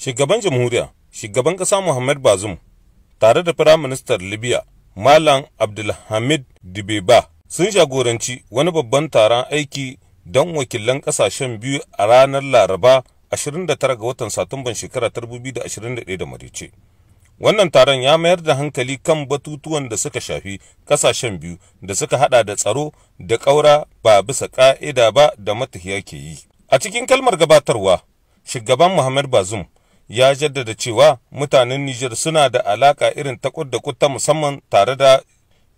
Shugaban jamhuriya, shugaban ƙasa Muhammad bazum tare da Firaministan Libya Malam Abdulhamid Dibeba sun jagoranci wani babban taron aiki don wakilan ƙasashen biyu a ranar Laraba 29 ga watan Satumban shekara 2021 da marice. Wannan taron ya mayar da hankali kan batutuwan da suka shafi ƙasashen biyu da suka hada da tsaro da ƙaura ba bisa ƙa'ida ba da matahiya ke yi. A cikin kalmar gabatarwa, shugaban Muhammad Bazum ya jaddada cewa mutanen Nijar suna da alaka irin ta da ta musamman tare da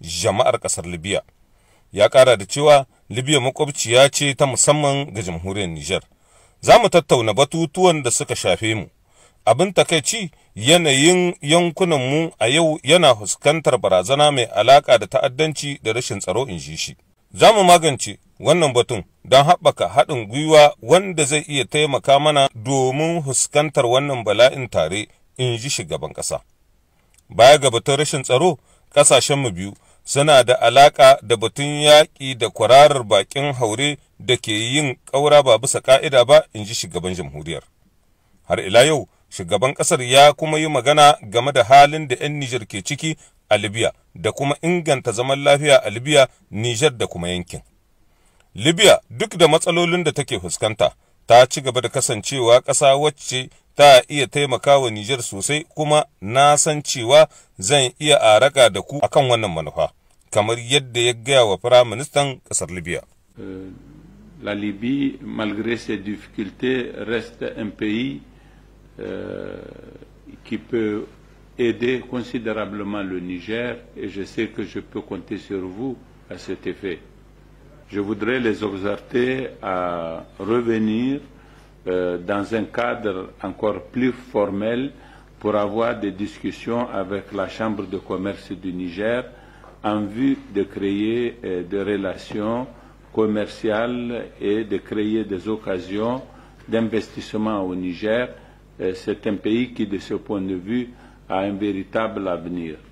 jama'ar ƙasar Libya. Ya ƙara da cewa Libya makwabciya ce ta musamman ga jamhuriyar Nijar. Za mu tattauna batutuwan da suka shafe mu. Abin takaici yanayin yankunanmu a yau yana fuskantar barazana mai alaka da ta'addanci da rashin tsaro in ji shi. Za mu magance wannan batun don haɓaka haɗin gwiwa wanda zai iya taimaka mana domin huskantar wannan bala'in tare in ji shugaban ƙasa. Baya ga batun rashin tsaro, ƙasashen mu biyu suna da alaƙa da batun yaƙi da kwararar baƙin haure da ke yin ƙaura ba bisa ƙa'ida ba in ji shugaban jamhuriyar. Har ila yau, shugaban ƙasar ya kuma yi magana game da halin da 'yan Nijar ke ciki a Libya da kuma inganta zaman lafiya a Libya, Nijar da kuma yankin. Libya duk da matsalolin da take fuskanta ta ci gaba da kasancewa ƙasa wacce ta iya taimaka wa sosai kuma na san cewa zan iya araka da ku akan wannan manufa kamar yadda ya gaya wa Minister ƙasar Libya. Euh, la Libye, malgré ses difficultés, reste un pays euh, qui peut aider considérablement le Niger et je sais que je peux compter sur vous à cet effet je voudrais les exhorter à revenir euh, dans un cadre encore plus formel pour avoir des discussions avec la Chambre de commerce du Niger en vue de créer euh, des relations commerciales et de créer des occasions d'investissement au Niger. Euh, c'est un pays qui, de ce point de vue, a un véritable avenir.